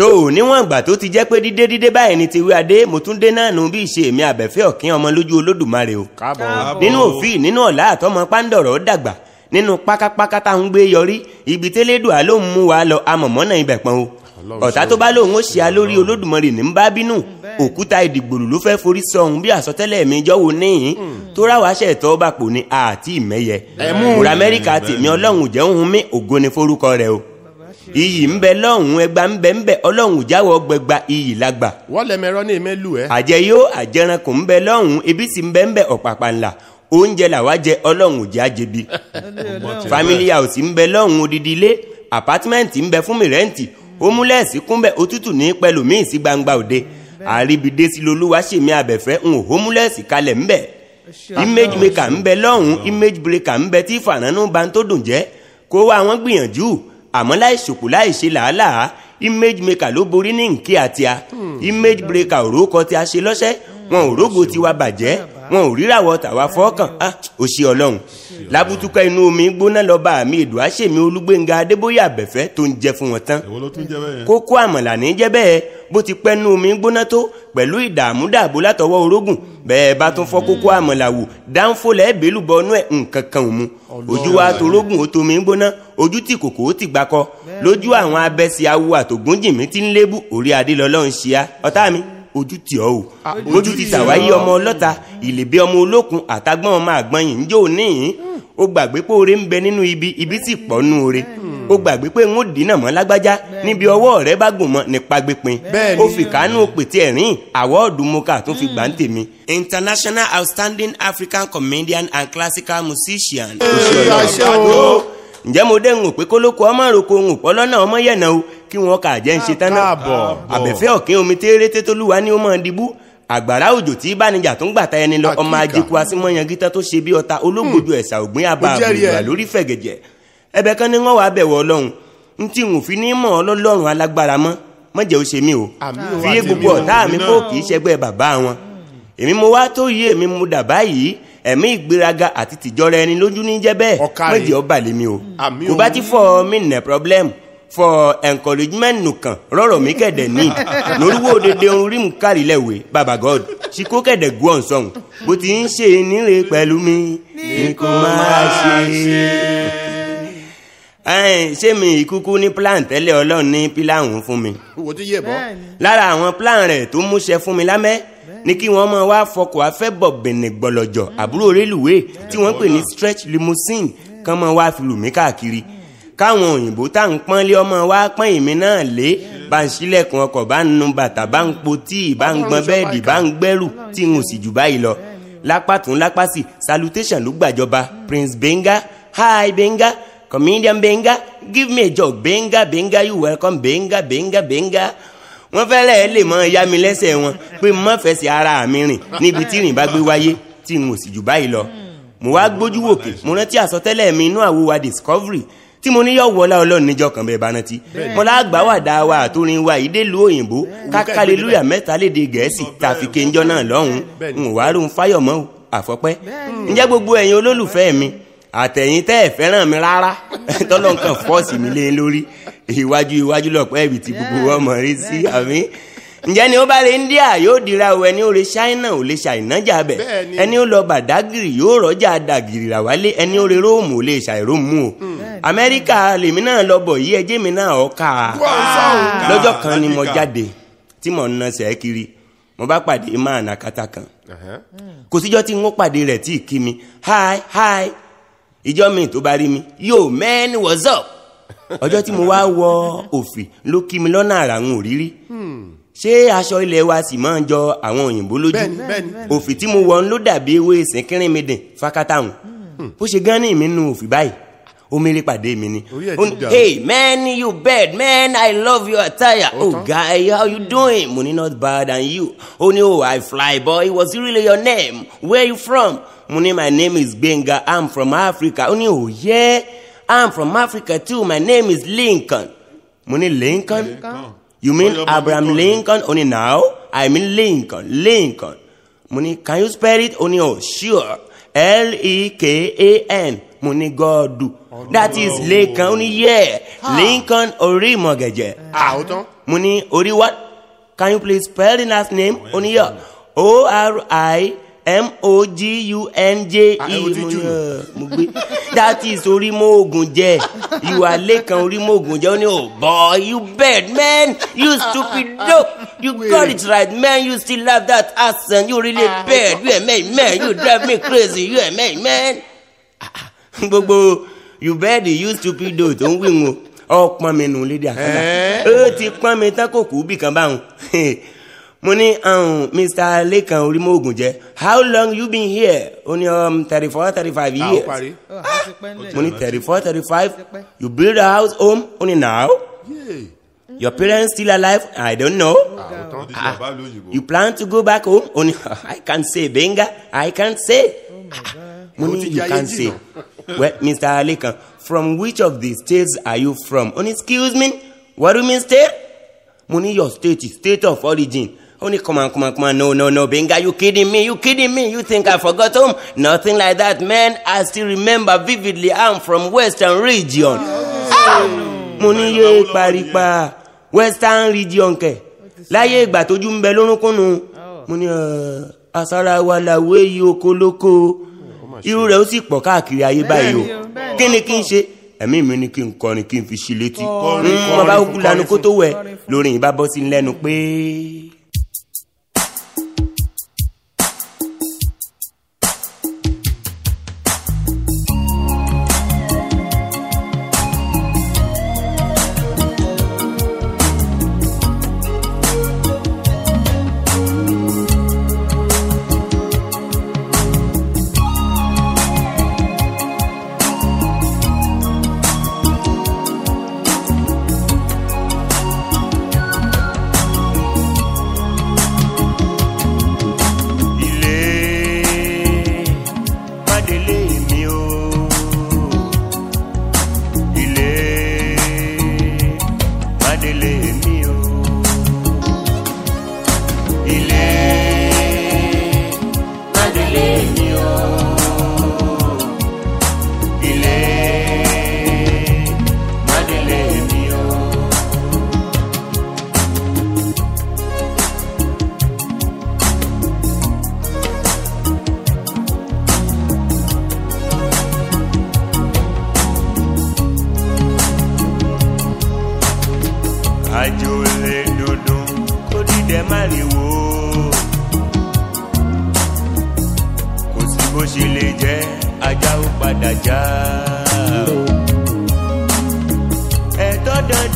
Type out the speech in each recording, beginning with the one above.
so níwọ̀n ìgbà tó ti jẹ́ pé dídé dídé báyìí ni tiwí adé mo tún dé náà nù bí ìṣe èmi àbẹ̀fẹ́ ọ̀kín ọmọ lójú olódùmarè o nínú òfin nínú ọ̀la àtọmọ pándọ̀rọ̀ dàgbà nínú pákápáká tá ń gbé yọrí ibi tẹ́lẹ́dùá ló ń mú wa lọ amọ̀mọ́nà ibẹ̀ pọ̀n o ọ̀tá tó bá lóun ó ṣe a lórí olódùmarè ní bá bínú òkúta ìdìgbòlù ló fẹ́ forí sọ̀hún bí àsọtẹ́lẹ̀ mi jọ́wọ́ níyìn hmm. tó ráwa ṣẹ̀tọ́ bá pò o iyì ń bẹ lọ́hùn ẹgbà ń bẹ ń bẹ ọlọ́hùn jáwọ́ gbẹgba iyì lágbà. wọ́n lẹ̀ mẹ́rọ ní ìmẹ́lù ẹ. àjẹyó àjẹrankò ń bẹ lọ́hùn ebi sì ń bẹ ń bẹ ọ̀pàpà ńlá oúnjẹ làwa jẹ ọlọ́hùn òjì àjẹbi. family house ń bẹ lọ́hùn odidi ilé apartment ń bẹ fún mi rẹ́ǹtì omúlẹ̀sì kúnbẹ̀ òtútù ní pẹ̀lú míì sí gbangba òde àríbidé sí lolúwa ṣèmi àbẹ̀fẹ́ ń hò omúlẹ̀sì kalẹ̀ ń bẹ̀ image maker ń bẹ lọ́hùn image breaker ń bẹ tí fànánú bá ń tó dùn jẹ́ kó wá wọn gbìyànjú àmọ́ láì ṣòkò làálàá image maker ló borí ní nkí àtìá hmm. image breaker òrókọ tí a ṣe lọ́sẹ̀ wọn ò rógo tiwa bàjẹ́ wọn ò ríràwọ̀ tàwa fọ́ọ̀kàn á ah, ò ṣe ọlọ́run labutuka inú omi gbóná lọ́ba àmì ìdùá ṣèmi olúgbénga adébóyè àbẹ̀fẹ́ tó ń jẹ fún wọn tán kókó àmàlà ní jẹ́ bẹ́ẹ̀ bó ti pẹ́ inú omi gbóná tó pẹ̀lú ìdààmú dààbò látọwọ́ orógùn bẹ́ẹ̀ bá tún fọ́ kókó àmàlà wò dáńfó lẹ́ẹ̀bẹ́lú bọ́nú ẹ̀ nǹkan kan mu ojú wa torógùn ó tomi gbóná ojú tí kòkó ti gbà kọ lójú àwọn abẹ́sí awo àtògúnjìmí ti ń lébù orí adé lọ́lọ́run ṣe á ọ̀tá mi ojú tì ọ́ o lójú ti sàwáyé ọmọ ọlọ́ta ìlèbí ọmọ olókun àtàgbọ́n ọmọ àgbọ̀nyìn ń jó níyìn hmm. ó gbàgbé pé oore ń bẹ nínú ibi ibi sì pọ̀ nù oore ó gbàgbé pé ń ó dínà mọ́ lágbájá níbi ọwọ́ rẹ bá gùn mọ́ nípa gbẹpin ó fi kánú pètè ẹ̀rín àwọ́ọ̀dù mọ́kà tó fi gbà ń hmm. tèmi. International Outstanding African Comedian and Classical Musician. Hey, ǹjẹ́ mo dẹ́ ń wò pé kólókó ọmọ àròkọ ń pọ́ ọmọ yẹ̀nà o kí wọ́n kà jẹ́ ń ṣe náà àbẹ̀fẹ́ omi téré tétólúwa ní ó mọ̀ ń àgbàrá òjò tí ìbánijà tó ń gbàtà ẹni lọ ọmọ tó ṣe bí ọta olóògbòdo ẹ̀sà ògbín àbá hmm. lórí fẹ̀gẹ̀jẹ̀ ẹ̀bẹ̀ kan ní wọ́n wàá o gbogbo ẹ̀mí ìgbéraga àti tìjọra ẹni lójú ní jẹ́ bẹ́ẹ̀ méjì ọba lèmi o kò bá ti fọ mí nẹ problem fọ encouragement nùkàn rọrọ̀ mi kẹ̀dẹ̀ ní lórúkọ òdèdè orun rí mu kárì lẹ́wẹ̀ baba god ṣìkó kẹ̀dẹ̀ gùn ọ̀sán bó ti ń ṣe níre pẹ̀lú mi ni kò máa ṣe ṣé mi ìkúkú ní plan tẹ́lẹ̀ ọlọ́run ní pílà òun fún mi. wò ó ti yé bọ́. lára àwọn plan rẹ̀ tó múṣẹ fún mi lámẹ́ ní kí wọ́n máa wá fọkọ̀ afẹ́bọ̀ bẹ̀nẹ̀ gbọ̀lọ̀jọ̀ mm. àbúrò rélùwé tí wọ́n pè ní stretch limousine kán máa wá fi lù mí káàkiri káwọn òyìnbó tá à ń lé ọmọ wa pọ́n èmi náà lé bá ń ṣílẹ̀kùn ọkọ̀ bá ń nu bàtà bá ń po tíì bá ń gbọn bẹ́ẹ̀dì bá ń gbẹ́rù tí n ò sì jù báyìí lọ lápá tún salutation ló gbàjọba Prince Benga hi Benga comedian Benga give me a job Benga Benga you welcome Benga Benga Benga. Benga wọ́n fẹ́lẹ́ lè mọ ya mi lẹ́sẹ̀ wọn pé mọ́ fẹsẹ̀ ara mi rìn níbi tí rìn bá gbé wáyé tí n ò sì jù báyìí lọ. mo wá gbójú wòkè mo rántí àsọtẹ́lẹ̀ mi inú àwo discovery tí mo ní yọ wọlá ọlọ́run níjọ́ kan bẹ́ẹ̀ bá rántí. mo lágbá wà dá wa àtòrin wa ìdèlú òyìnbó kákàlélúyà mẹ́ta léde gẹ̀ẹ́sì tàfi kéńjọ́ náà lọ́hùn-ún n ò wá rún fáyọ̀mọ́ àfọ́pẹ́. ǹjẹ́ gbogbo ẹ̀yin olólùfẹ́ mi àtẹ̀yìn tẹ́ ẹ̀ fẹ́ràn mi rárá tọ́lọ́ nǹkan fọ́ọ̀sì mi lé lórí iwájú iwájú lọ́pọ̀ ẹ̀bì tí gbogbo wọn mọ̀ rí sí ni ó bá lè India yóò dira o ẹni ó lè China ò lè ẹni ó lọ Bàdágìrì yóò rọ́jà dàgìrì rà ẹni ó lè Róòmù ò lè o hmm. Amẹ́ríkà lèmi náà lọ bọ̀ yí ẹjẹ́ mi náà ọ̀ka lọ́jọ́ kan ni mo jáde tí mo na kiri mo bá pàdé máa nà kátà kan kò síjọ́ tí kí mi hi hi ìjọ mi tó bá rí mi yo man what's up ọjọ́ tí mo wá wọ òfì ló kí mi lọ́nà àrà ń òrírí hmm. ṣé aṣọ ilẹ̀ wa sì máa ń jọ àwọn òyìnbó lójú òfì tí mo wọ ló dàbí ewé ìsìnkírin mi dìn fákátàhùn hmm. ó ṣe gan ní mi nu òfì báyìí omiri pàdé mi ni hey man you bad man i love your attire oh guy how you doing Money not bad and you ó ní oh i fly boy was really your name where you from. mo my name is Benga. i'm from Africa Oni oh yeah i'm from Africa too my name is Lincoln mo Lincoln? Lincoln you mean oh, Abraham Lincoln Only now i mean Lincoln Lincoln mo can you spell it ó oh sure l-e-k-a-n mo ní that is Lincoln ó ní Lincoln orí mọ̀gẹ̀jẹ̀ mo ní orí what can you please spell the last name Only oh, yeah o-r-i. M O G U N J E. Ah, that is Orimogun jẹ. You are Lekan Orimogun jẹ. Ó oh boy you bad man you stupid dope. You got it right man you still have that ass, and you really ah. bad. You a man man you drive me crazy you a man man. Ah, Gbogbo you bad you stupid dope tó ń wí wọn. Ọ pọn mi nù lédi àkàndá. Eh. Ó ti pọn mi tán kò kú bìkan báwọn. mo ní um, mr lekan orímọ̀ọ́gùn jẹ́ how long you been here ó ní um, 35 thirty four thirty five years ah, ah! mo ní thirty four thirty five you build a house home ó ní now yeah. your parents still alive i don't know ah, you plan to go back home ó ní i can't say benga i can't say oh ah! mo ní you can't say well mr lekan from which of the states are you from ó ní excuse me what do you mean state mo ní your state is state of origin Only come on, come on, come on. No, no, no. Benga, you kidding me? You kidding me? You think I forgot home? Nothing like that, man. I still remember vividly. I'm from Western region. Ah! Mo ní yé paripa Western region kẹ̀. Láyé ìgbà tójú ń bẹ lórúnkúnnu. Mo ní ah, asara wa làwé yìí okoloko. Irú rẹ̀ ó sì pọ̀ káàkiri ayé báyìí o. Kí ni kí n ṣe? ẹ̀mí mi ni kí n kọrin kí n fi ṣí létí. Mo bá kú kó tó wẹ̀ lórí ìbá sí lẹ́nu pé.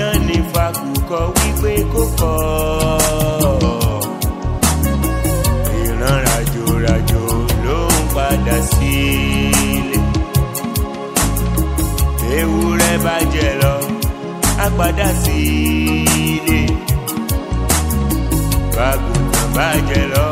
idán ní fakùkọ wípé kò kọ́ ìran ràjòràjò ló ń padà sílé ewúrẹ́ bá jẹ lọ á padà sílé fagùkọ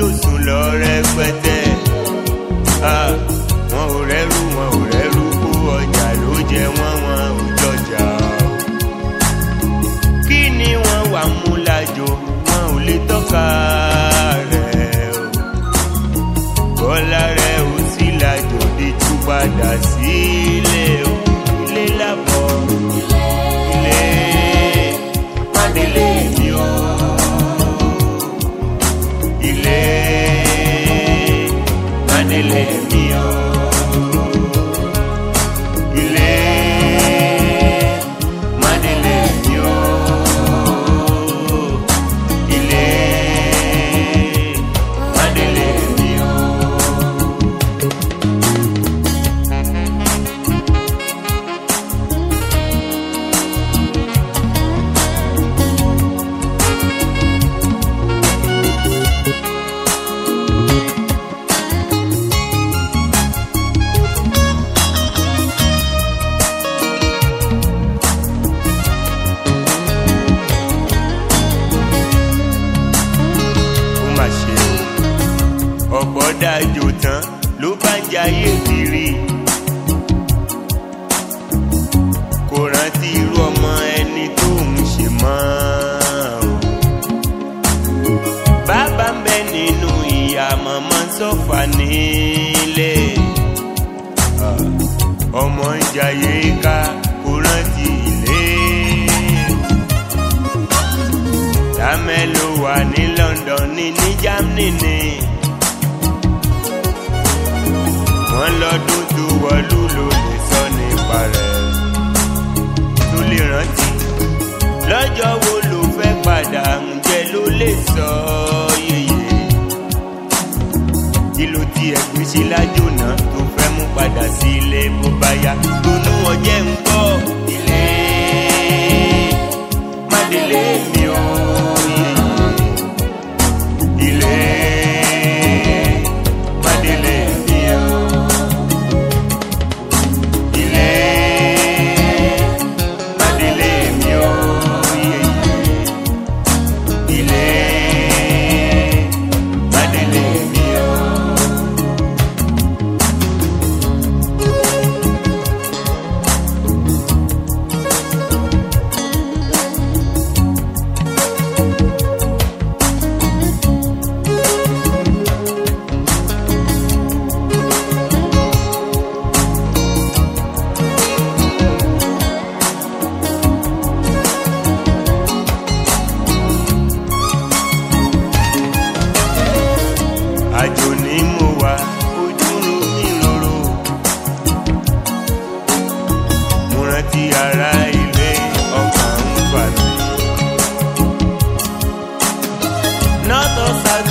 dòsùn lọ rẹpẹtẹ. sọ̀fà nílé ah, ọmọ ń jayé ká kó rántí ilé lámẹ́lò wà ní London ní ní Germany ni wọ́n lọ́dún tó wọlú ló lè sọ nípa rẹ̀ tó lè rántí lọ́jọ́ wo ló fẹ́ padà ǹjẹ́ ló lè sọ ọ́. tí ẹ̀kú sí lájò náà tó fẹ́ mú padà sí ilé bó bá yá tónú ọjẹ́ ń bọ̀ ilé má délé mi o. todos al